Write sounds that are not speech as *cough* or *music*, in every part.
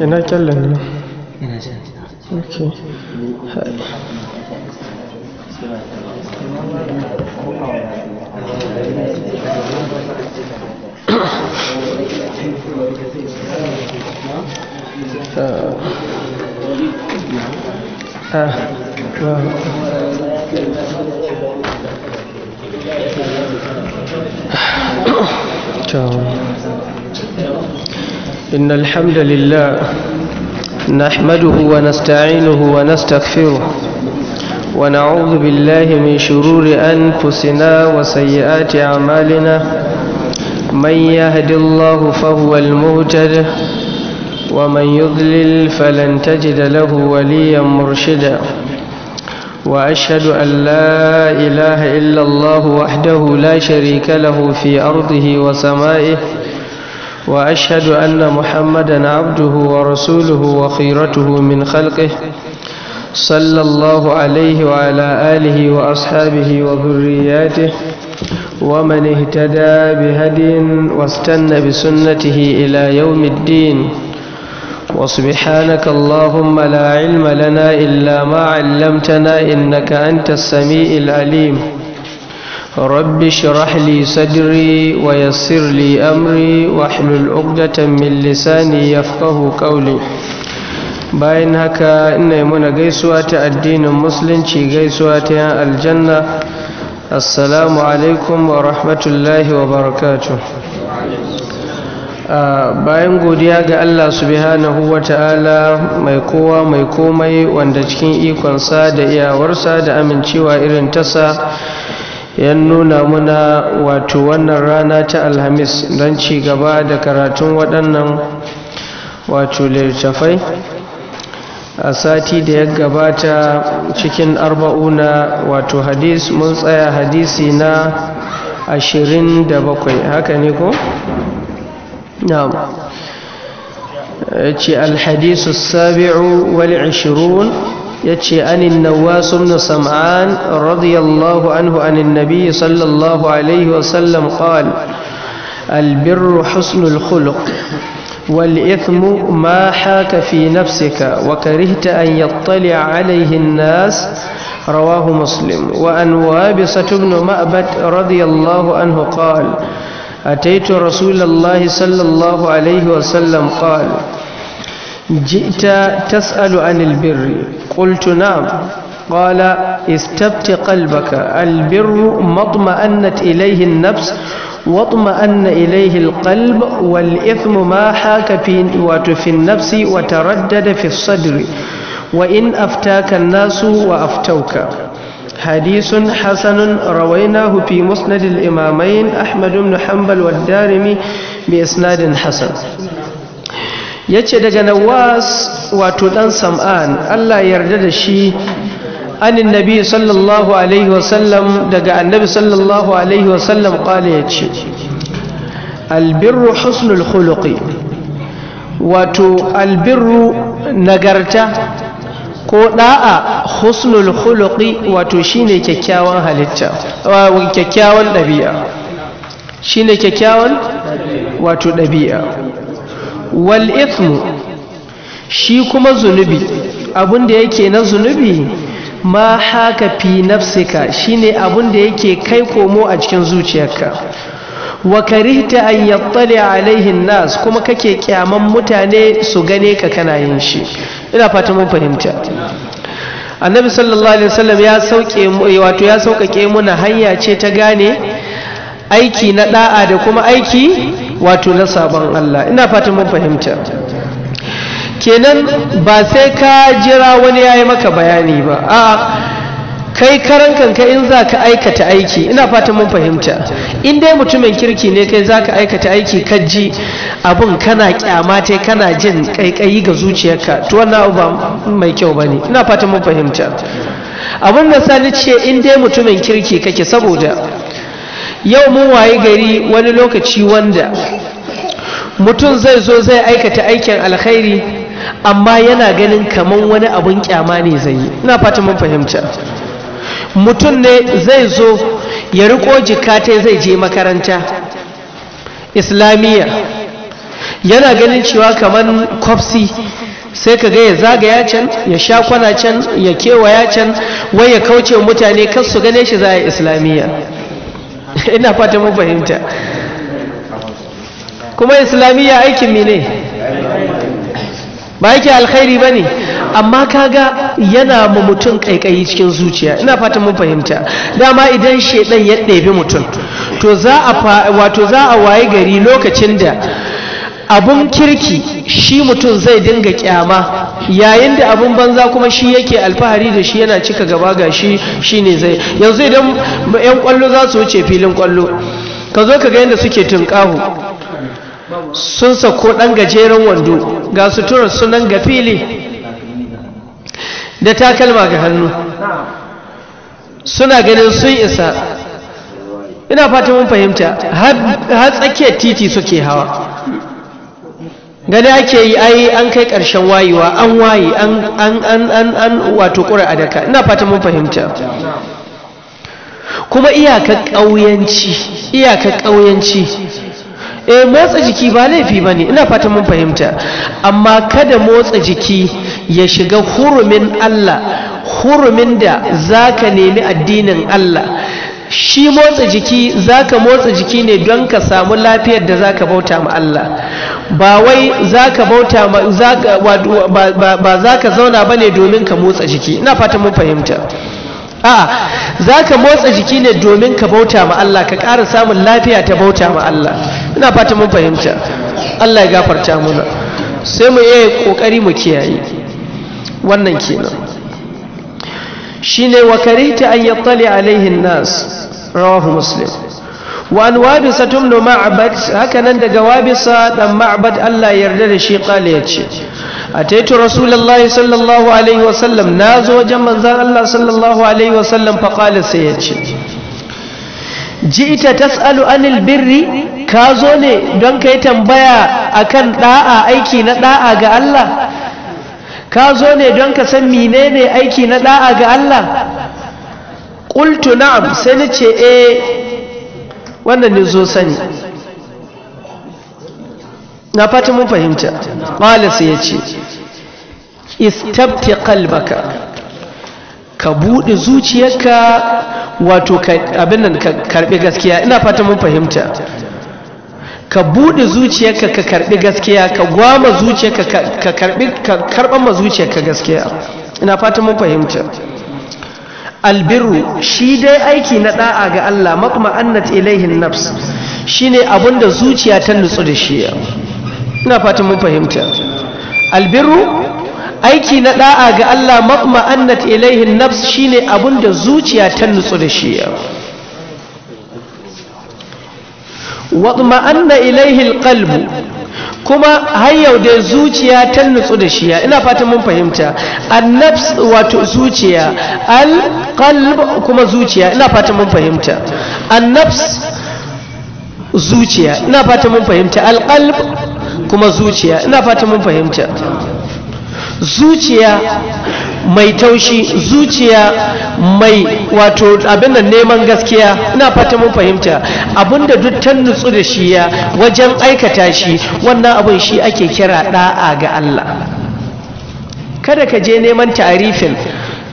انا اتكلم انا اوكي إن الحمد لله نحمده ونستعينه ونستغفره ونعوذ بالله من شرور أنفسنا وسيئات أعمالنا من يهد الله فهو المهتد ومن يضلل فلن تجد له وليا مرشدا وأشهد أن لا إله إلا الله وحده لا شريك له في أرضه وسمائه وأشهد أن محمدا عبده ورسوله وخيرته من خلقه صلى الله عليه وعلى آله وأصحابه وذرياته ومن اهتدى بهدي واستنى بسنته إلى يوم الدين وسبحانك اللهم لا علم لنا إلا ما علمتنا إنك أنت السميع العليم رب اشرح لي صدري ويسر لي أمري واحلل عقدة من لساني يفقه قولي bayan haka ina muna gaisuwa ta addinin musulunci gaisuwa ta yan aljanna assalamu alaikum wa rahmatullahi wa barakatu bayan godiya ga allah subhanahu wa ta'ala mai kowa mai komai wanda cikin ikonsa da iyawarsa da amincewa irin tasa yan nuna muna wato wannan rana ta alhamis don ci gaba da karatun waɗannan wato littafai a sati da ya gabata cikin arba'una wato hadis mun tsaya hadisi na ashirin da bakwai haka ne ko? na'am ce alhadisu sabi'u wal ashirin. يتشي أن النواس بن سمعان رضي الله عنه عن النبي صلى الله عليه وسلم قال البر حسن الخلق والإثم ما حاك في نفسك وكرهت أن يطلع عليه الناس رواه مسلم وأن وابصة بن مأبت رضي الله عنه قال أتيت رسول الله صلى الله عليه وسلم قال جئت تسأل عن البر قلت نعم قال استبت قلبك البر ما اطمأنت إليه النفس واطمأن إليه القلب والإثم ما حاك في, في النفس وتردد في الصدر وإن أفتاك الناس وأفتوك حديث حسن رويناه في مسند الإمامين أحمد بن حنبل والدارمي بإسناد حسن ya ce daga nawas wato dan sam'an allah yarda da shi anin nabi sallallahu alaihi wasallam daga annabi sallallahu alaihi wasallam ƙwale ya ce albirru husnul khuluqi wato albirru nagarta ko da'a husnul khuluqi wato shine kyakkyawan halitta kyakkyawan ɗabi'a shine kyakkyawan wato ɗabi'a wal ismu shi kuma zunubi abin da yake na zunubi ma haka fi nafsika shine abin da yake kai komo a cikin zuciyarka wa karihta an yattali alaihi nas kuma kake kyaman mutane su gane ka kana yin shi ina fata mun fahimta annabi sallallahu alaihi wasallam ya sauke wato ya sauƙaƙe muna hanya ce ta gane aiki na da'a da kuma aiki wato na sabon Allah ina fatan mun fahimta kenan ba sai ka jira wani ya yi maka bayani ba a kai karan kanka in za ka aikata aiki ina fatan mun fahimta in dai mutumin kirki ne kai za ka aikata aiki ka ji abin kana kyamata kana jin kaikayi ga zuciyarka to wannan abu ba mai kyau ba ne ina fatan mun fahimta abin da sani ce in dai mutumin kirki kake saboda yau mun waye gari wani lokaci wanda mutum zai zo zai aikata aikin alkhairi amma yana ganin kamar wani abun kyama ne zai yi ina fata mun fahimta mutum ne zai zo ya riko ta zai je makaranta islamiyya yana ganin cewa kamar kwafsi sai ka ga ya zagaya can ya sha kwana can ya kewaya can wai ya kauce mutane kan su gane shi za a islamiyya *laughs* ina fata mun fahimta kuma islamiyya aikin ne ba yake alkhairi ba ne amma kaga yana ma mutum kaikayi cikin zuciya ina fatan mun fahimta dama idan shedan ya ɗebi mutum to za a waye gari lokacin da abun kirki shi mutum zai dinga kyama yayin da abun banza kuma shi yake alfahari da shi yana cika gaba ga shi shi ne zai yanzu idan 'yan kwallo za su wuce filin kwallo ka zo ka ga yadda suke tunƙahu sun sako ɗan gajeren wando ga suturar sunan ga fili da takalma ga hannu suna ganin sun isa ina fata mun fahimta har tsakiyar titi suke hawa gani ake yi ai an kai ƙarshen wayewa an waye an an, an, an, wato kur'a adaka, ina fata mun fahimta kuma iyakar ƙauyanci iyakar ƙauyanci eh motsa jiki ba laifi ba ne ina fata mun fahimta amma kada motsa jiki ya shiga hurumin allah hurumin da za ka nemi addinin allah shi motsa jiki zaka motsa jiki ne don ka samu lafiyar da zaka bauta ma Allah ba wai zaka bauta ma zaka ba zaka zauna bane domin ka motsa jiki ina fata mun fahimta a zaka motsa jiki ne domin ka bauta ma Allah ka ƙara samun lafiya ta bauta ma Allah ina fata mun fahimta Allah ya gafarta muna sai mu yi kokari mu kiyaye wannan kenan shine wa karita an yattali alaihi nas rawahu muslim wa an wabisa tumnu ma'bad haka nan daga wabisa dan ma'bad Allah yarda da shi kale yace ataitu rasulullahi sallallahu alaihi wa wasallam nazo wajen manzon Allah sallallahu alaihi wa sallam fa qala sai yace ji'ita tas'alu anil birri ka zo ne don kai tambaya akan da'a aiki na da'a ga Allah ka zo ne don ka san menene aiki na da'a ga Allah qultu na'am sai na ce eh wannan ne zo sani na fata mun fahimta qala sai ya ce istabti qalbaka ka buɗe zuciyarka wato abin nan ka karɓi gaskiya ina fata mun fahimta ka buɗe zuciyarka ka karɓi gaskiya ka gwama zuciyarka ka karɓi karɓar ma zuciyarka gaskiya ina fata mun fahimta albiru shi dai aiki na da'a ga Allah makma annat ilaihin nafs shine abinda zuciya ta nutsu da shi ina fatan mun fahimta albiru aiki na da'a ga Allah makma annat ilaihin nafs shine abinda zuciya ta nutsu da shi watma'anna ilaihi alqalbu kuma har yau da zuciya ta nutsu da shi ina fatan mun fahimta annafs wato zuciya alqalb kuma zuciya ina fatan mun fahimta annafs zuciya ina fatan mun fahimta alqalb kuma zuciya ina fatan mun fahimta zuciya mai taushi zuciya mai wato abin da neman gaskiya ina fata mun fahimta Abun da duk ta nutsu da shi ya wajen aikata shi wannan abin shi ake kira da'a ga Allah kada ka je neman tarifin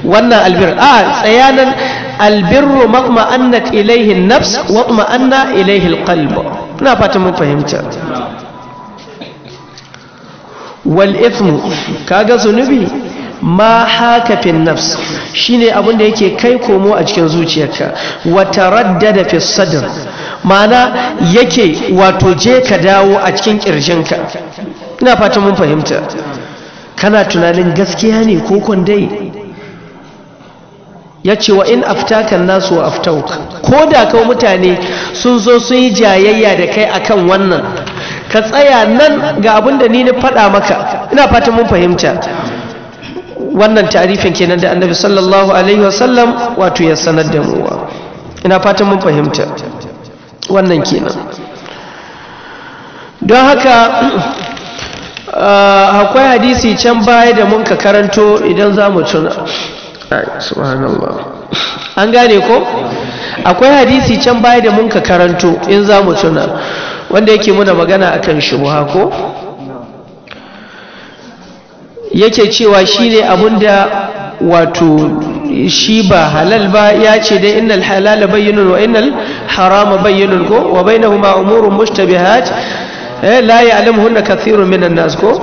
wannan albir a tsayanan albirru maqma'annat ilaihin nafs wa ma'anna ilaihi qalb, ina fata mun fahimta wal ismu kaga zunubi ma haka fin nafs shine abin da yake kai komo a cikin zuciyarka wata taraddada fi sadr ma'ana yake wato je ka dawo a cikin ƙirjinka. ina fatan mun fahimta kana tunanin gaskiya ne ko kwandai ya ce wa in aftakan nasu wa ko da kawo mutane sun zo sun yi jayayya da kai akan wannan ka tsaya nan ga abin da ni na faɗa maka ina fatan mun fahimta wannan tarifin kenan da annabi sallallahu alaihi wasallam wato ya sanar da mu ina fatan mun fahimta wannan kenan don haka *clears throat* ah, akwai hadisi can baya da mun ka karanto idan za mu tuna an gane ko akwai hadisi can baya da mun ka karanto in za mu tuna wanda yake muna magana akan shubha ko yake cewa shine abinda wato shi ba halal ba ya ce dai innal halala bayyinun wa innal harama bayyinun ko wa bainahuma umurun mushtabihat eh la ya'lamuhunna kathirun minan nas ko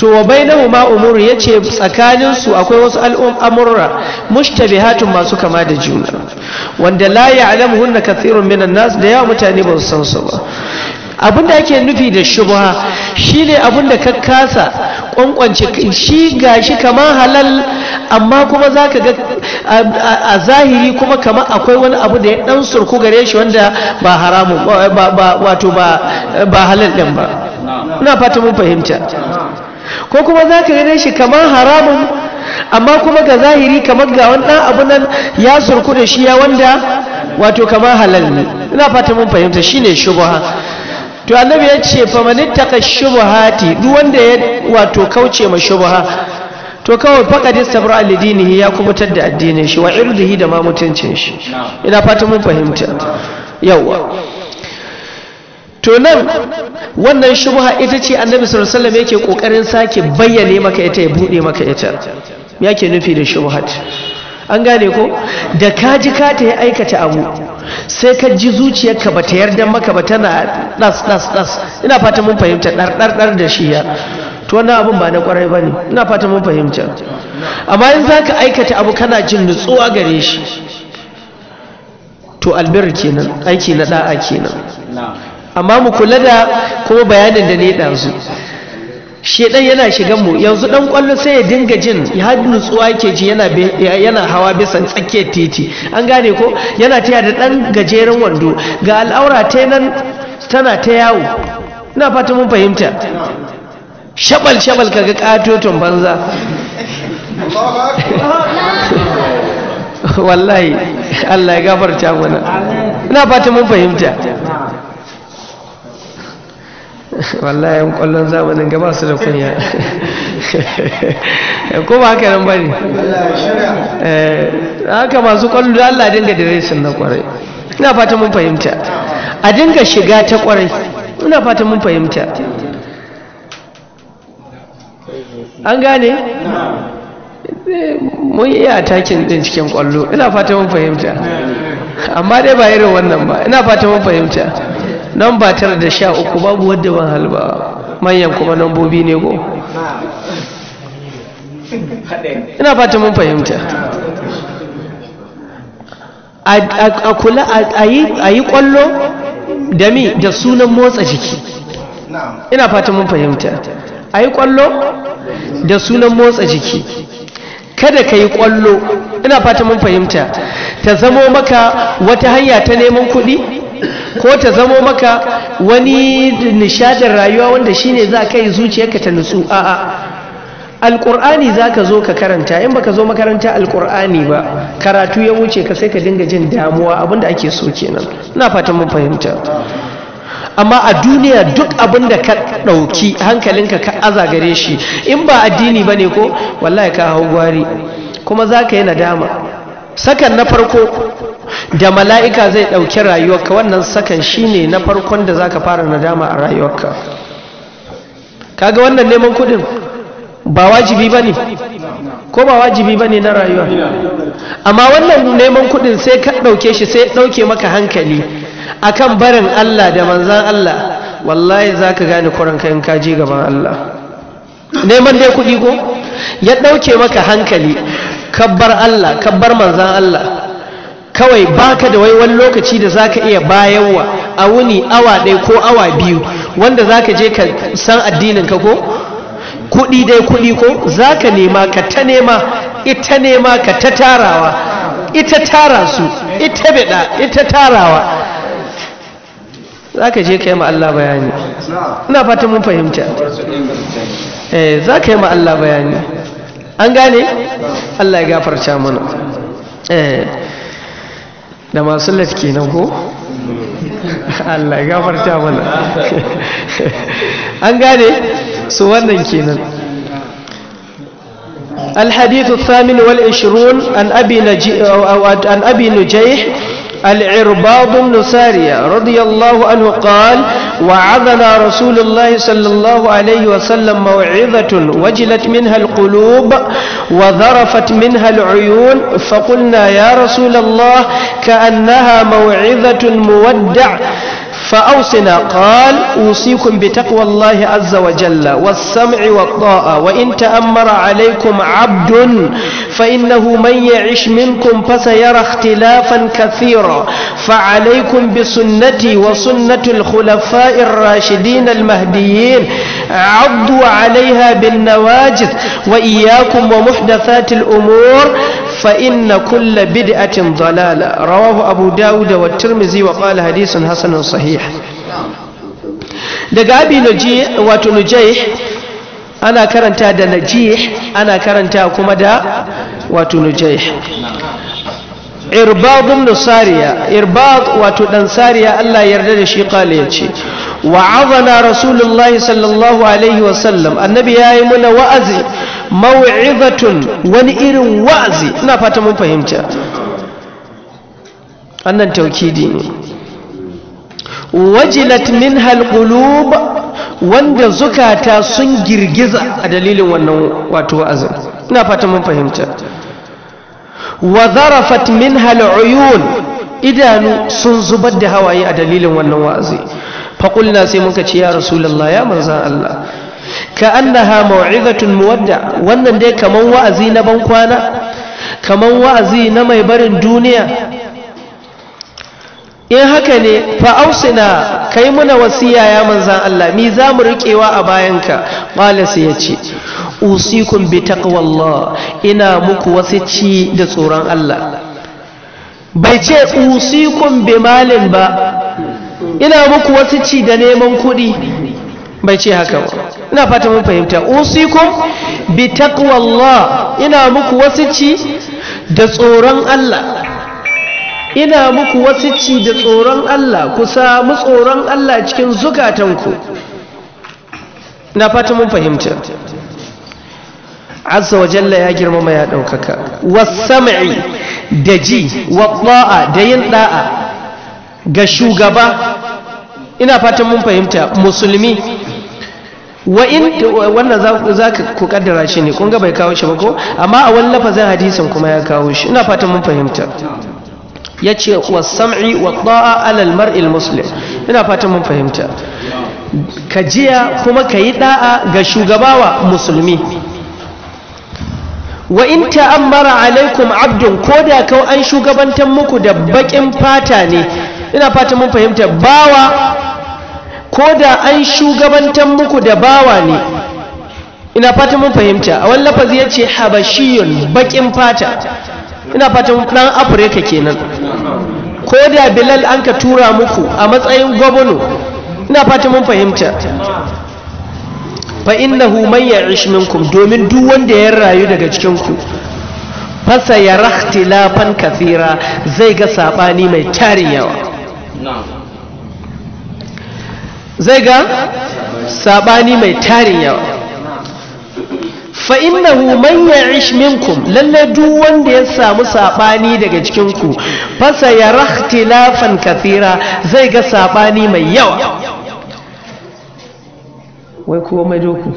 to wa bainahuma umur yace tsakanin su akwai wasu al'amurra mushtabihatun masu kama da juna wanda la ya'lamuhunna kathirun minan nas da yawa mutane ba su san su ba abin da ake nufi da shubha shine abin da ka kasa kwankwance shi gashi kamar halal amma kuma za ka ga a zahiri kuma kamar akwai wani abu da ya dan surku gare shi wanda ba haramun wato ba halal din ba ina fata mun fahimta ko kuma za ka gane shi kamar haramun amma kuma ga zahiri kamar ga wani abu nan ya surku da shi ya wanda wato kamar halal ne ina fata mun fahimta shine shubha to annabi ya ce fa man ittaka shubuhati duk wanda ya wato kauce ma shubuha to kawai faqad istabra li dinihi ya kubutar da addinin shi wa irdihi da ma mutuncin shi ina fata mun fahimta yawa to nan wannan shubha ita ce annabi sallallahu alaihi wasallam yake kokarin sake bayyane maka ita ya bude maka ita yake nufi da shubhat an gane ko da kaji ka ta ya aikata abu sai ka ji zuciyarka ba ta yarda maka ba tana ɗas ɗas ɗas ina fata mun fahimta ɗar ɗar ɗar da shi ya to wannan abun ba na kwarai ba ne ina fata mun fahimta amma in zaka aikata abu kana jin nutsuwa gare shi to albir kenan aiki na da'a kenan amma mu kula da kuma bayanin da ne ɗazu shedan yana shigan mu yanzu dan kwallo sai ya dinga jin ya nutsuwa yake ji yana yana hawa bisan tsakiyar titi an gane ko yana taya da dan gajeren wando ga al'aura ta nan tana ta yawo ina fata mun fahimta shabal shabal kaga katoton banza *laughs* wallahi Allah ya gafarta mana ina fata mun fahimta wallahi yan kwallon zamanin gaba su da kunya *laughs* ko ba haka nan bane eh, haka masu kwallo da Allah dinga sun na kwarai ina fata mun fahimta a dinga shiga ta kwarai ina fata mun fahimta an gane mun yi atakin din cikin kwallo ina fata mun fahimta amma dai ba irin wannan ba ina fata mun fahimta nan ba tara da sha uku babu wadda ban halba manyan kuma lambobi ne ko ina fata mun fahimta a kula a yi kwallo da mi da sunan motsa jiki ina fata mun fahimta a yi kwallo da sunan motsa jiki kada ka yi kwallo ina fata mun fahimta ta zamo maka wata hanya ta neman kuɗi ko ta zamo maka wani nishadin rayuwa wanda shi ne za ka yi zuciyarka ta nutsu a'a alƙur'ani za ka zo ka karanta in baka zo makaranta alƙur'ani ba karatu ya wuce ka sai ka dinga jin damuwa abinda ake so kenan ina fatan mun fahimta amma a duniya duk abin da ka ɗauki hankalinka ka aza gare shi in ba addini ba ne ko wallahi ka hau gwari kuma za ka yi nadama sakan na farko da mala'ika zai ɗauki rayuwarka wannan sakan shine na farkon da za ka fara nadama a rayuwarka kaga wannan neman kuɗin ba wajibi ba ne ko ba wajibi ba ne na rayuwa amma wannan neman kuɗin sai ka ɗauke shi sai ɗauke maka hankali akan barin Allah da manzan Allah wallahi za ka gane kuranka in ka je gaban Allah neman dai kudi ko ya ɗauke maka hankali kabbar Allah kabbar manzan Allah kawai baka da wai wani lokaci da zaka iya bayarwa a wuni awa ɗaya ko awa biyu wanda zaka je ka san addinin ka ko kuɗi dai kuɗi ko zaka nema ka ta nema ita nema ka ta tarawa ita tara su ita beda ita tarawa zaka je ka yi ma Allah bayani ina fata mun fahimta eh zaka yi ma Allah bayani an gane Allah ya gafarta mana eh da masu laski na ko Allah ya gafarta mana an gane su wannan kenan الحديث الثامن والعشرون عن أبي, نجي أو عن أبي نجيح العرباض بن سارية رضي الله عنه قال وعظنا رسول الله صلى الله عليه وسلم موعظة وجلت منها القلوب وذرفت منها العيون فقلنا يا رسول الله كأنها موعظة مودع فأوصنا قال أوصيكم بتقوى الله عز وجل والسمع والطاعة وإن تأمر عليكم عبد فإنه من يعش منكم فسيرى اختلافا كثيرا فعليكم بسنتي وسنة الخلفاء الراشدين المهديين عضوا عليها بالنواجذ وإياكم ومحدثات الأمور فإن كل بدعة ضلالة رواه أبو داود والترمزي وقال حديث حسن صحيح دقابي نجيح وتنجيح أنا كرنتا دا نجيح أنا كرنتا كمدا وتنجيح إرباض من سارية إرباض وتنساريا ألا يرد شي قال wa'azana rasulullahi sallallahu alaihi wasallam annabi ya yi muna wa'azi mawu'izatun wani irin wa'azi ina fata mun fahimta annan taukidi ne wajilat min halqulub wanda zukata sun girgiza a dalilin wannan wato wa'azin ina fata mun fahimta wa zarafat min hal'uyun idanu sun zubar da hawaye a dalilin wannan wa'azi faƙulna sai muka ce ya rasulallah ya manzan Allah ka annaha mau'izatun muwadda wannan dai kaman wa'azi na ban kwana kaman wa'azi na mai barin duniya in haka ne fa'ausina kai muna wasiya ya manzan Allah mi za mu riƙewa a bayanka ƙwalisa ya ce usikun bi taqwallah ina muku wasici da tsoron Allah bai ce usikun bi malin ba ina muku wasu ci da neman kuɗi bai ce haka ba ina fata mun fahimta usikum bi taqwallah ina muku ci da tsoron Allah ina muku wasu ci da tsoron Allah ku samu tsoron Allah cikin zukatanku ina fata mun fahimta azza wa jalla ya girmama ya ɗaukaka sam'i da ji wa da yin ɗa'a ga shugaba ina fatan mun fahimta musulmi wa in wannan za ka ku kaddara shi ne kun ga bai kawo shi ba ko amma a wani lafazin hadisin kuma ya kawo shi ina fatan mun fahimta ya ce wa sam'i wa ta'a alal mar'il muslim ina fatan mun fahimta ka jiya kuma ka yi da'a ga shugabawa musulmi wa in ta'ammara alaikum abdun ko da kau an shugabantan muku da bakin fata ne ina fata mun fahimta bawa ko da an shugabantar muku da bawa ne ina fata mun fahimta a wani lafazi ya ce habashiyun bakin fata ina fata mun ɗan afirka kenan ko da bilal an ka tura muku a matsayin gwamnu. ina fata mun fahimta fa innahu man ya'ish minkum domin duk wanda ya rayu daga cikin ku fasa ya rahtilafan kathira zai ga sabani mai tarin yawa zai ga sabani mai tarin yawa fa innahu man ya'ish minkum lalle duk wanda ya samu sabani daga cikinku, fasa ya sayara lafan kathira zai ga sabani mai yawa wai kuwa mai doku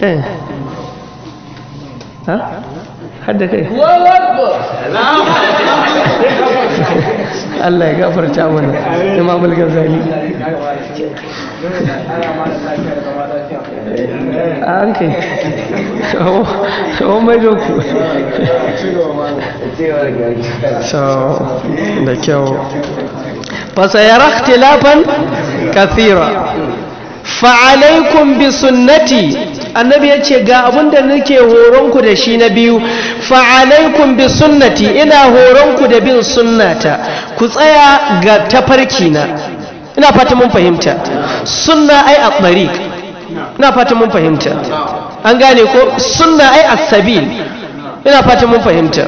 eh har da kai *laughs* Allah ya gafarta mana imam al-ghazali an kai o mai doku so da kyau اختلافا كثيرا فعليكم بسنتي annabi ya ce ga abin da nake horonku da shi na biyu fa'alaikum bi sunnati ina horonku da bin sunnata ku tsaya ga tafarkina ina fata mun fahimta sunna ai a tsari ina fata mun fahimta an gane ko sunna ai a sabil ina fata mun fahimta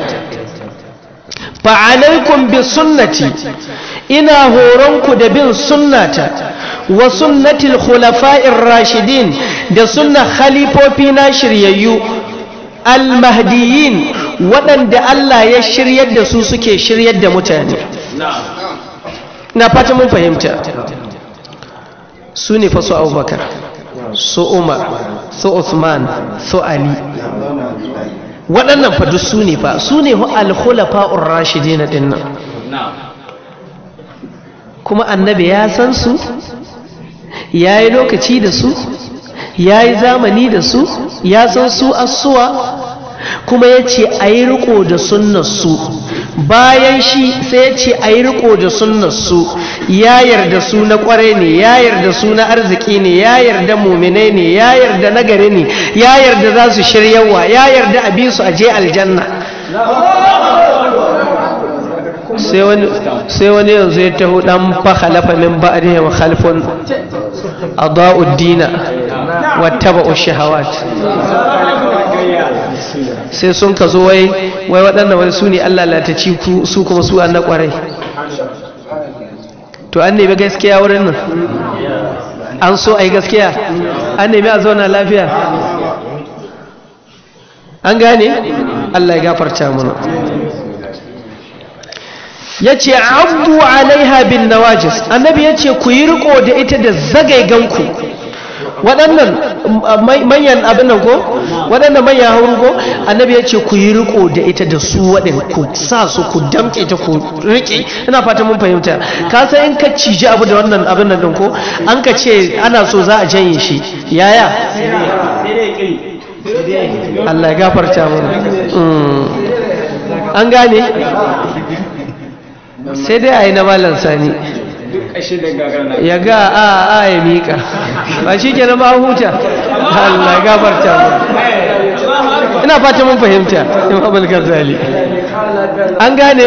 fa'alaikum bi sunnati ina horonku da bin sunnata wa sunnatil khulafa'ir rashidin da sunna khalifofi na shiryayyu almahdiyin waɗanda Allah ya shiryar da su suke shiryar da mutane na fata mun fahimta su ne fa su abubakar su umar su usman su ali waɗannan fa duk su ne fa su ne alkhulafa'ur rashidin ɗin nan kuma annabi ya san su ya yi lokaci da su ya yi zamani da su ya san su asuwa kuma ya ce a yi riko da sunnarsu bayan shi sai ya ce a yi riko da sunnarsu ya yarda su na kwarai ne ya yarda su na arziki ne ya yarda muminai ne ya yarda nagari ne ya yarda za su shiryawa ya yarda a bi su a je aljanna sai wani yanzu ya taho dan fakhalafa min ba'dihim a adaa'u ad-dina wa taba'u shahawat sai sun ka zo wai wai waɗanda wai su ne Allah lataci su kuma su an na ƙwarai to an nemi gaskiya wurin nan an so a yi gaskiya an nemi a zauna lafiya an gane Allah ya gafarta mana yace abdu alaiha bin nawajis annabi yace ku yi riko da ita da ganku. waɗannan manyan abin nan ko waɗannan manyan hauru ko annabi ya ce ku yi riko da ita da su waɗin ku sa su ku damƙe ta ku riƙe ina fata mun fahimta ka san in ka ciji abu da wannan abin nan ko an ka ce ana so za a janye shi yaya Allah ya gafarta mana mm. an gane sai dai a yi na malar sani ya ga a a ya miƙa ba shi ke na ba huta Allah ya gabar ta ina fata mun fahimta imam al-ghazali an gane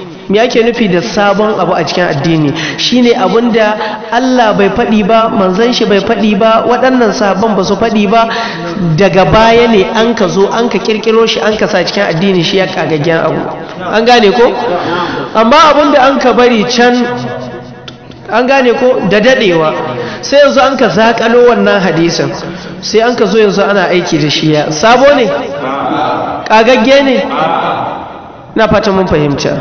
me yake nufi da sabon abu a cikin addini shine abin da Allah bai faɗi ba manzon shi bai faɗi ba waɗannan sabon ba su faɗi ba daga baya ne an ka zo an ka kirkiro shi an ka sa cikin addini shi ya kagaggen abu an gane ko amma abin da an ka bari can an gane ko da dadewa sai yanzu an ka zakalo wannan hadisin sai an ka zo yanzu ana aiki da shi ya sabo ne kagagge ne na fata mun fahimta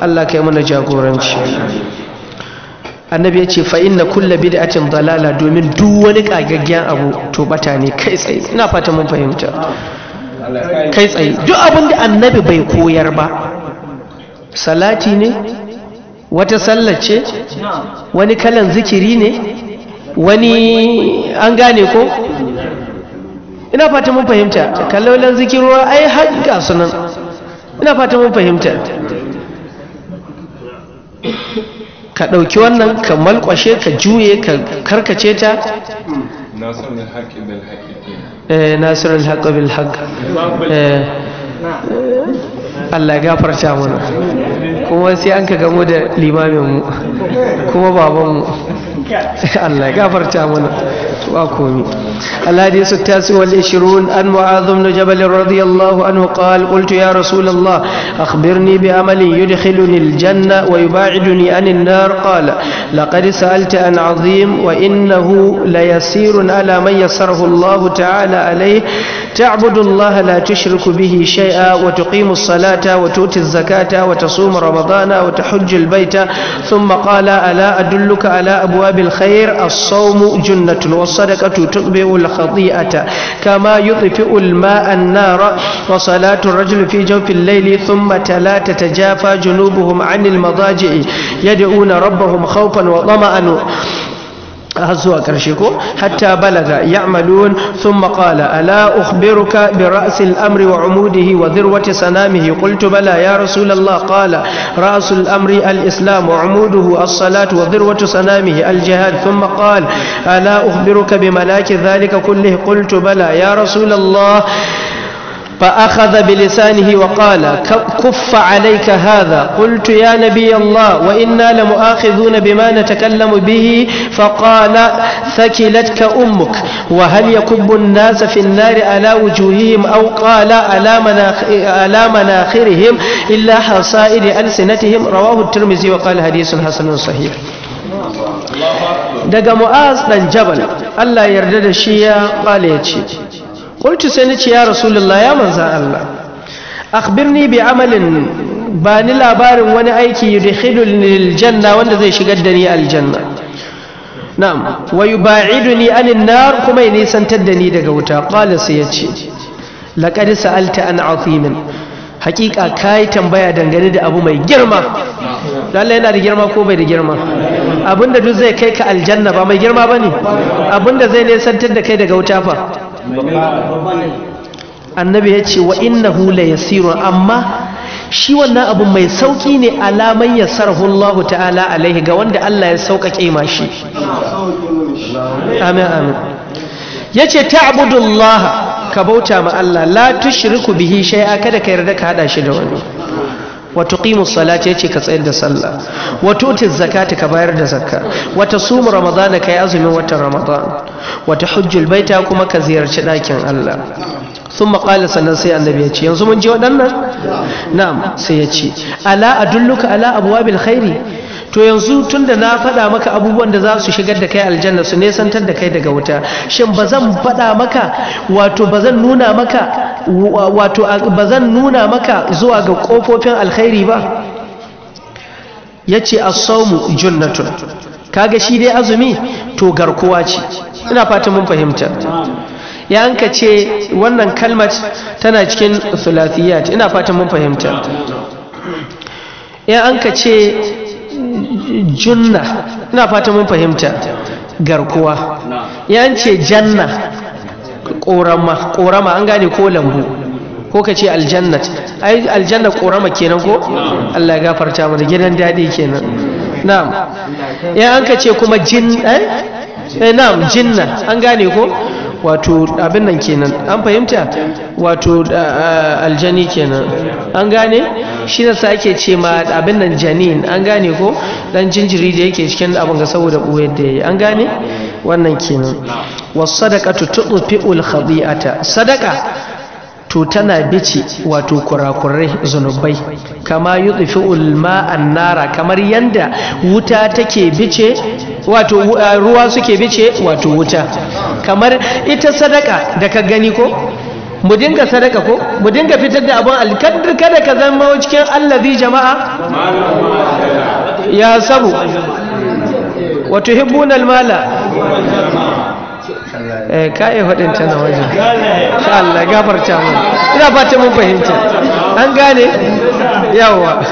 Allah kai mana jagoranci annabi ya ce fa'in na kulla bid'atin dalala domin duk wani kagaggen abu to bata ne kai tsaye ina fata mun fahimta kai tsaye duk abin da annabi bai koyar ba salati ne wata sallace wani kalan zikiri ne wani an gane ko ina fata mun fahimta kallon zikirwa ai har ga sunan ina fata mun fahimta ka ɗauki wannan ka malkwashe ka juye ka karkace ta nasir al-haƙi bil eh, eh, Allah ya gafarta mana kuma sai an ka gamo da limaminmu kuma babanmu Allah gafarta mana وأكومي الحديث التاسع والعشرون أن معاذ بن جبل رضي الله عنه قال قلت يا رسول الله أخبرني بعمل يدخلني الجنة ويباعدني عن النار قال لقد سألت عن عظيم وإنه ليسير على من يسره الله تعالى عليه تعبد الله لا تشرك به شيئا وتقيم الصلاة وتؤتي الزكاة وتصوم رمضان رمضان أو تحج البيت ثم قال ألا أدلك على أبواب الخير الصوم جنة والصدقة تطبئ الخطيئة كما يطفئ الماء النار وصلاة الرجل في جوف الليل ثم تلا تتجافى جنوبهم عن المضاجع يدعون ربهم خوفا وطمعا هزوا كرشكو حتى بلغ يعملون ثم قال ألا أخبرك برأس الأمر وعموده وذروة سنامه قلت بلى يا رسول الله قال رأس الأمر الإسلام وعموده الصلاة وذروة سنامه الجهاد ثم قال ألا أخبرك بملاك ذلك كله قلت بلى يا رسول الله فأخذ بلسانه وقال كف عليك هذا قلت يا نبي الله وإنا لمؤاخذون بما نتكلم به فقال ثكلتك أمك وهل يكب الناس في النار على وجوههم أو قال على, مناخ مناخرهم إلا حصائر ألسنتهم رواه الترمذي وقال حديث حسن صحيح daga mu'az dan جبل ألا يردد da قال ya qultu sai ci ya rasulullah ya manza Allah akhbirni bi amalin ba ni labarin wani aiki yudkhiluni aljanna wanda zai shigar da ni aljanna na'am wa yuba'iduni anin nar kuma ya nisantar da ni daga wuta qala sai yace laqad sa'alta an azimin hakika kai tambaya dangane da abu mai girma Allah yana da girma ko bai da girma abinda duk zai kai ka aljanna ba mai girma bane abinda zai nisantar da kai daga wuta fa annabi ya ce wa hula hula yasirun amma shi wannan abu mai sauƙi ne alaman ya sarhullahu ta'ala alaihi ga wanda Allah ya sauƙaƙe ma shi amin amin ya ce ka bauta ma Allah la tushriku bihi shaia kada ka yarda ka hada shi da wani وتقيم الصلاة يجيك تسأل دسالة وتؤتي الزكاة كبائر زكاة وتصوم رمضان كي أزم وقت رمضان وتحج البيت كما كزيرة لكن الله ثم قال سنسي أن نبي يجي ينزم من نعم سيجي ألا أدلك على أبواب الخير to yanzu tun da na faɗa maka abubuwan da za su shigar da kai aljanna su nesantar da kai daga wuta shin ba zan faɗa maka wato ba zan nuna maka wato ba zan nuna maka zuwa ga ƙofofin alkhairi ba ya ce as-sawmu junnatun kaga shi dai azumi to garkuwa ce ina fatan mun fahimta ya anka ce wannan kalmat tana cikin thulathiyat ina fatan mun fahimta ya anka ce junna ina fata mun fahimta garkuwa yan ce janna ƙorama ƙorama an gane ko lambu ko ka ce aljannat ai aljanna ƙorama kenan ko Allah ya gafarta mana gidan daɗi kenan na'am ya an ka ce kuma jin eh, eh na'am jinna an gane ko wato abin nan kenan an fahimta wato aljani kenan an gane shi na sa ake ce ma abin nan janin an gane ko dan jinjiri da yake cikin abin ga saboda ɓoyar da yi an gane wannan kenan wasadaqatu tudfi'ul khadi'ata Sadaka to tana bice wato kurakurai zunubai kama yudfi'ul ma'an nara kamar yanda wuta take bice wato ruwa suke bice wato wuta kamar ita sadaka da ka gani ko mu dinga sadaka ko mu dinga fitar da abun alkadar kada ka zama cikin allazi jama'a ya sabu wato hibbun almala eh kai hudin ta na waje insha Allah gafarta mu ina fata mun fahimta an gane yawa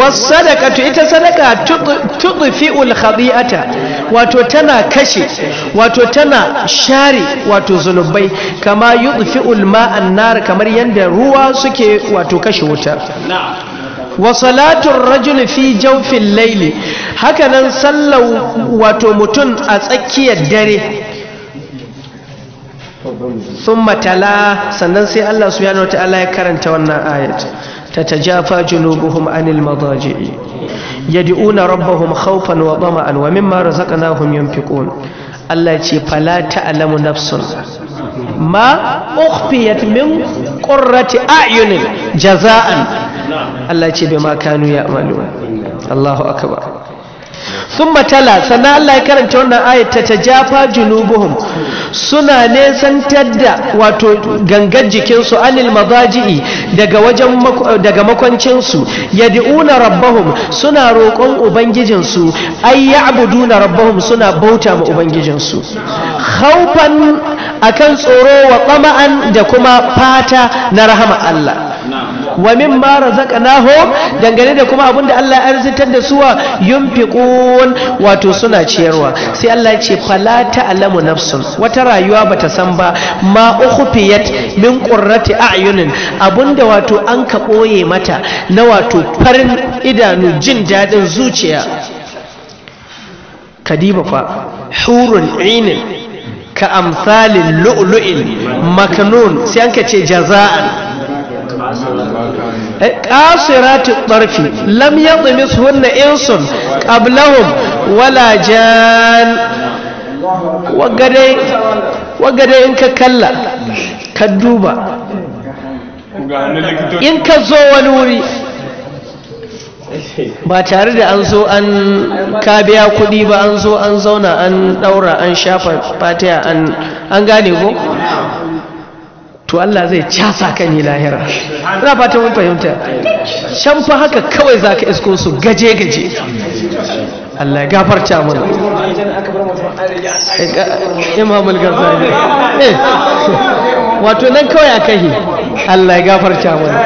wasadaqatu ita sadaka tudfi'ul khadi'ata wato tana kashe wato tana share wato zulubai kama yudfi'ul ma'an nar kamar yanda ruwa suke wato kashe wuta wa salatun rajul fi jawfin laili hakanan sallar wato mutum a tsakiyar dare sun matala sannan sai Allah su yana wata ya karanta wannan ayat تتجافى جنوبهم عن المضاجع يدعون ربهم خوفا وطمعا ومما رزقناهم ينفقون التي فلا تعلم نفس ما أخفيت من قرة أعين جزاء التي بما كانوا يعملون الله أكبر sun matala sannan Allah ya karanta wannan ayat ta jafa junubuhum suna nesantar da wato gangar jikinsu anil mabaji'i daga wajen daga makwancinsu yad'una rabbahum suna roƙon ubangijinsu ay ya'buduna rabbahum suna bauta ma ubangijinsu khawfan akan tsoro wa tsama'an da kuma fata na rahama Allah wa min ma razaqnahu dangane da kuma abinda Allah ya arzitar da suwa yunfiqun wato suna ciyarwa sai Allah ya ce fala ta'lamu nafsun wata rayuwa bata san ba ma ukhfiyat min qurrati a'yunin abinda wato an ka boye mata na wato farin idanu jin dadin zuciya kadiba fa hurun inin ka amsalin lu'lu'in maknun sai an ka ce jaza'an قاصرات الطرف لم يطمسهن انس قبلهم ولا جان وغدي وغدي انك كلا كدوبا in ka zo wani wuri ba tare da an zo an kabiya kuɗi ba an zo an zauna an ɗaura an shafa fatiya an gane ko to Allah zai casa kan yi lahira ina fata mun fahimta can fa haka kawai za ka isko su gaje gaje Allah ya gafarta mana Imam al-Ghazali eh. wato nan kawai a kai Allah ya gafarta mana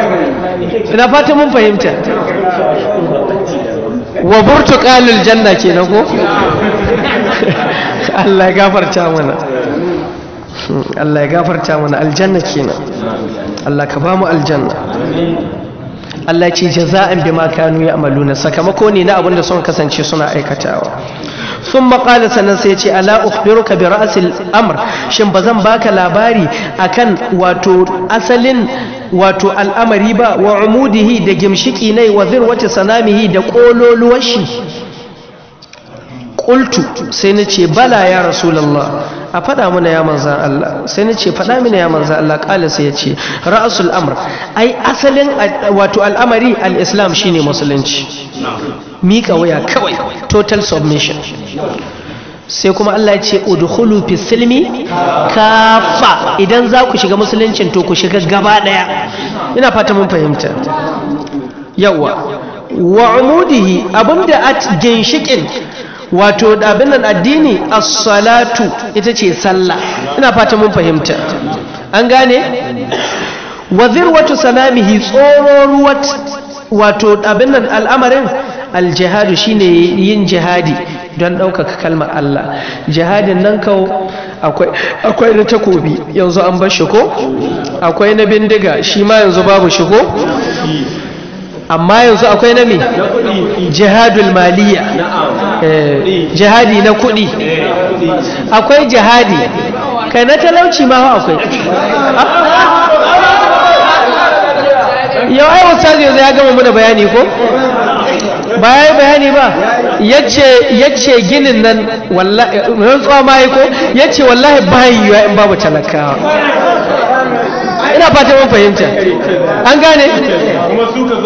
ina fata mun fahimta wa burtuqalul janna kenan ko *laughs* Allah ya gafarta mana الله يغفر تامنا الجنة كينا الله كبامو الجنة الله يجي جزاء بما كانوا يعملون سكمكوني نأبون لسون كسان شسون عيكا تاوى ثم قال سنسيتي ألا أخبرك برأس الأمر شمبزن باك لاباري أكن واتو أسلين واتو الأمر با وعموده دا جمشكي ني وذروة سنامه دا قولو لوشي qultu sai na ce bala ya rasulullah a faɗa mana ya manzan Allah sai na ce mana ya manzan Allah ƙala sai ya ce ra'asul amr ai asalin wato al'amari al-islam shine musulunci miƙa waya kawai total submission sai kuma Allah ya ce udkhulu fi silmi kafa idan za ku shiga musuluncin to ku shiga gaba ɗaya ina fata mun fahimta yawa wa umudihi abinda at ginshikin wato abin nan addini as-salatu ita ce sallah ina fata mun fahimta an gane wa zirwatu salamihi tsororuwat wato abin nan al'amarin aljihadu shine yin jihadi don ɗaukaka kalmar Allah jihadin nan kawo akwai na takobi yanzu an bar shi ko akwai na bindiga shi ma yanzu babu shi ko amma yanzu akwai na me jihadul maliya Eh, jihadi na kuɗi akwai jihadi kai na talauci ma akwai yau ai ustaz yanzu ya gama mana bayani ko ba ya yi bayani ba ya ce ginin nan rantsuwa ma yi ko ya ce wallahi bayan yi in babu talakawa ina fata mun fahimta an gane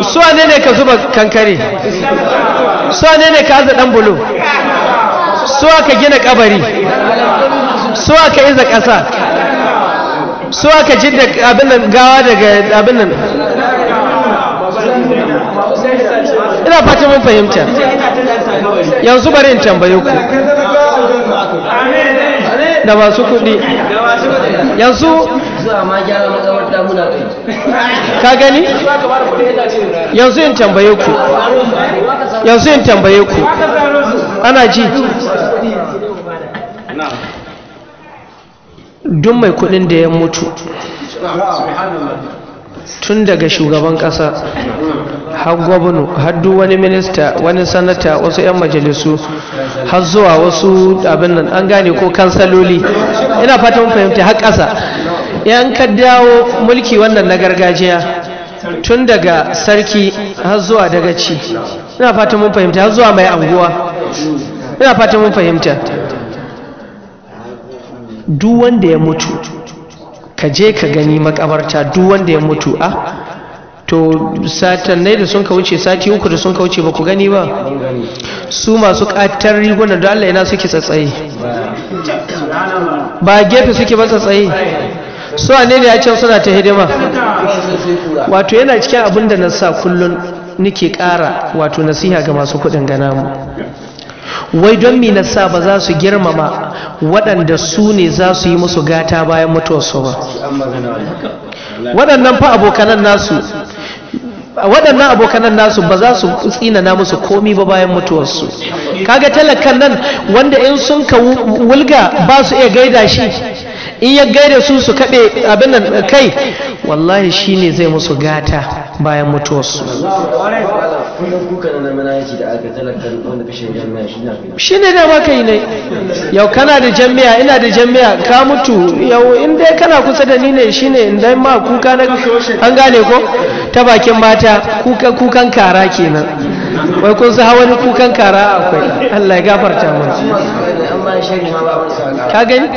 suwa ne ne ka zuba kankare su ne ne ka dan bulo su aka gina kabari su aka iza ƙasa su aka ji da abin nan gawa daga abin nan ina fata mun fahimta yanzu bari in tambaye ku da masu kuɗi yanzu ka gani yanzu in tambaye ku yanzu in tambaye ku ana ji duk mai kudin da ya mutu tun daga shugaban kasa har gwamnu har duk wani minista wani sanata wasu 'yan majalisu har zuwa wasu abin nan an gane ko kansaloli ina fatan fahimta har ƙasa yan ka dawo mulki wannan na gargajiya tun daga sarki har zuwa daga ci ina fatan mun fahimta har zuwa mai anguwa ina fatan mun fahimta duk wanda ya mutu ka je ka gani makabarta duk wanda ya mutu a to satannai da sun ka wuce sati uku da sun ka wuce ba ku gani ba su masu katar rigunan da Allah yana suke tsatsaye ba gefe suke ba tsatsaye su ne ya ce suna ta hidima wato yana cikin abin da na sa kullun nake ƙara wato nasiha ga masu kuɗin gana mu wai don mi nasa ba za su girmama waɗanda su ne za su yi musu gata bayan mutuwarsu ba waɗannan fa abokanan nasu waɗannan abokanan nasu ba za su tsina na musu komi ba bayan mutuwarsu kaga talakan nan wanda in sun ka wulga ba su iya gaida shi in ya gaida su su kaɗe abin da kai wallahi shi ne zai musu gata bayan mutuwarsu shi ne dama kai ne yau kana da jami'a ina da jami'a ka mutu yau in dai kana kusa da ni ne shi ne in dai ma kuka na an gane ko ta bakin mata kukan kara kenan wai kun sa wani kukan kara akwai allah ya gafarta mu ka gani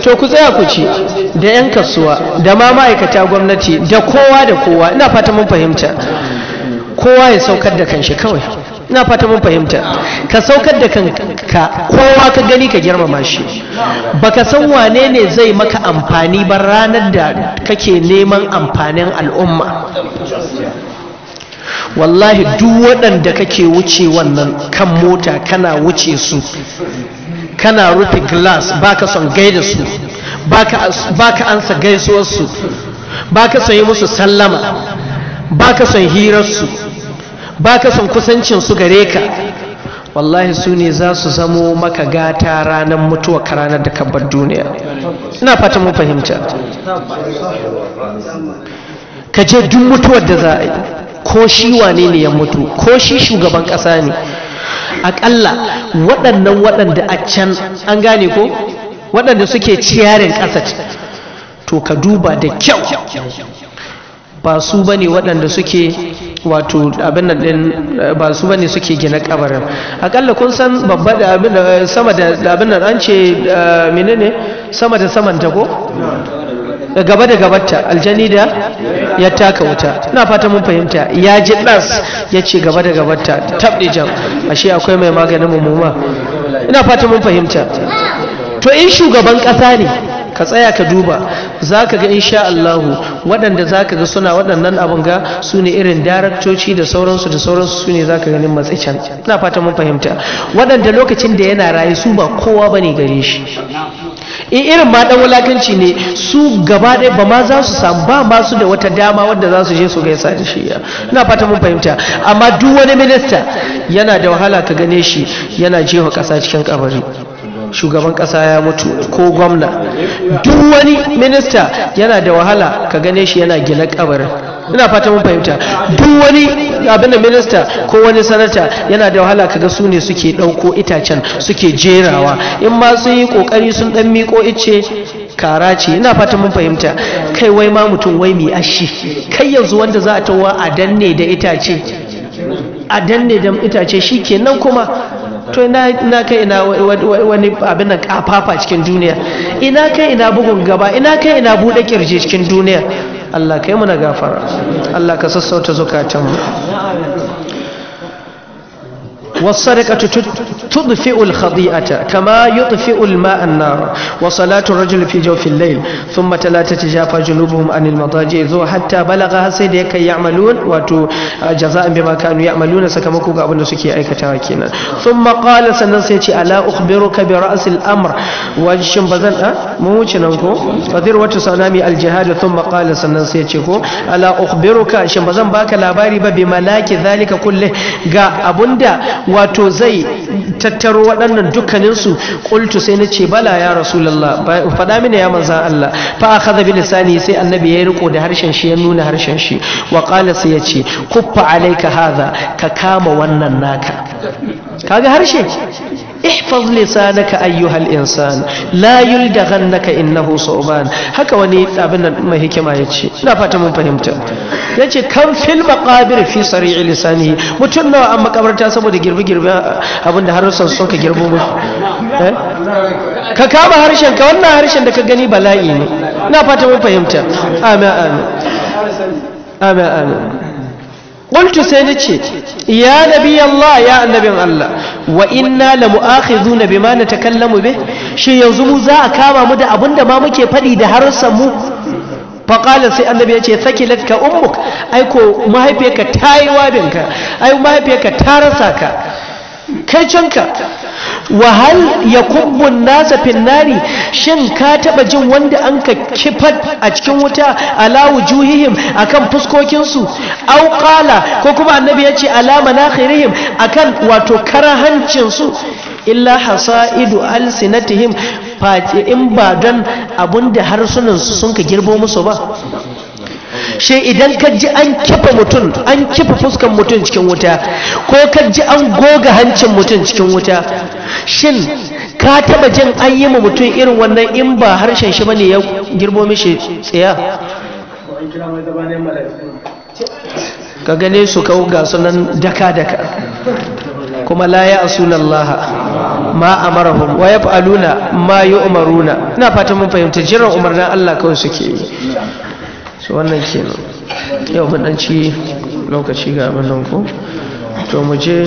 to ku tsaya ku ci da 'yan kasuwa da ma ma'aikata gwamnati da kowa da kowa ina fata mun fahimta kowa ya saukar da kanshi kawai ina fata mun fahimta ka saukar da kanka kowa ka gani ka girmama shi baka san wane ne zai maka amfani ba ranar da kake neman amfanin al'umma wallahi duk waɗanda kake wuce wannan kan mota kana wuce su kana rufe glass baka son gaida su baka ansa gaisuwarsu baka son yi musu sallama baka son hirarsu baka son kusancin su gare ka wallahi su ne za su zamo maka gata ranar mutuwa ka ranar da kabbar duniya ina fata mu fahimta ka je duk mutuwar da za a yi ko shi wane ne ya mutu ko shi shugaban ƙasa ne aƙalla waɗannan waɗanda a can an gane ko waɗanda suke ciyarin ƙasa to ka duba da kyau ba su ba ne waɗanda suke wato abin nan ɗin ba su ba ne suke gina kabarin aƙalla kun san babba da abin sama da abin nan an ce eh, menene sama da saman ta ko gaba da gabata aljani da ya taka wuta ina fata mun fahimta ya ji ɗas ya ce gaba da gabata tabɗe jam ashe akwai mai maganin mummuma ina fata mun fahimta to in shugaban ƙasa ne ka tsaya ka duba za ka ga insha Allahu waɗanda za ka ga suna waɗannan abin ga su ne irin daraktoci da sauransu da sauransu su ne za ka ganin can. ina fata mun fahimta waɗanda lokacin da yana rayu su ba kowa ba ne gare shi in eh, irin ma dan wulakanci ne su gaba ɗaya ba ma za su samu ba ma su da wata dama wadda za su je su gaisa da shi ya. ina fata mun fahimta amma duk wani minista yana da wahala ka gane shi yana jefa ƙasa cikin kabari shugaban ƙasa ya mutu ko gwamna duk wani minista yana da wahala ka gane shi yana gina kabarin ina fata mun fahimta duk wani abin da minista ko wani sanata yana da wahala kaga su ne suke ɗauko itacen suke jerawa in ma sun yi ƙoƙari sun ɗan miƙo ice kara ce ina fata mun fahimta kai wai ma mutum wai mi ashi kai yanzu wanda za a tawa a danne da itace a danne da itace shi kenan kuma to ina kai ina wani abin nan kafafa cikin duniya ina kai ina bugun gaba ina kai ina buɗe kirje cikin duniya Allah kai mu na gafara Allah ka sassauta zukatanmu والسرقة تطفئ الخطيئة كما يطفئ الماء النار وصلاة الرجل في جوف الليل ثم تلا تتجافى جنوبهم عن المضاجع ذو حتى بلغها سيد كي يعملون واتو جزاء بما كانوا يعملون سكمكو قابل سكي أي كتاكينا ثم قال سنسيتي ألا أخبرك برأس الأمر وجشن بذن أه؟ موچننكو فذروة سنامي الجهاد ثم قال سنسيتيكو ألا أخبرك شن بذن باك لاباري بملاك ذلك كله قا أبندا wato zai tattaro waɗannan dukkaninsu ƙultu sai na ce bala ya rasulullah faɗa mini ya manzan Allah fa a bi lisani sai annabi ya riko da harshen shi ya nuna harshen shi wa sai ya ce kuffa alayka haza ka kama wannan naka kaga harshe ihfaz lisanaka ayyuhal insan la yuldaghannaka innahu su'ban haka wani abin nan mai hikima yace ina fata mun fahimta yace kan fil maqabir fi sari'i lisani mutun nawa an makabarta saboda girbi girbi abinda har sun sun ka girbo ka kama harshen ka wannan harshen da ka gani bala'i ne ina mun fahimta amin amin قلت سينتشي يا نبي الله يا نبي الله وإنا لمؤاخذون بما نتكلم به شي يزمو زا كاما مدى أبند ما مكي فدي دهر سمو فقال سي النبي يتي ثكلتك أمك أيكو ما هي بيك تاي وابنك أيو ما هي بيك تارساك كيشنك wahal ya kubbun nasa finnari shin ka taɓa jin wanda an ka kifar a cikin wuta ala wujuhihim akan fuskokinsu au qala ko kuma annabi ya ce ala manakhirihim akan wato karahancinsu illa hasaidu alsinatihim in ba don harsunan harsunansu sun ka girbo musu ba shi idan ka ji an kifa mutum an kifa fuskan mutum cikin wuta ko ka ji an goga hancin mutum cikin wuta shin ka taba jin an yi ma mutum irin wannan in ba harshen shi bane ya girbo mishi tsaya ka gane su kawo ga sunan daka-daka kuma la ya asunallaha ma amarahum wa fa'aluna ma yu'maruna ina fatan mun fahimta jiran umarnin Allah kawai suke yi su wannan kenan yau mun ci lokaci ga abin nan ko to mu je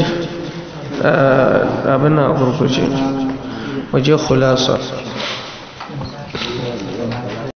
eh, abin nan a gurguje mu je khulasa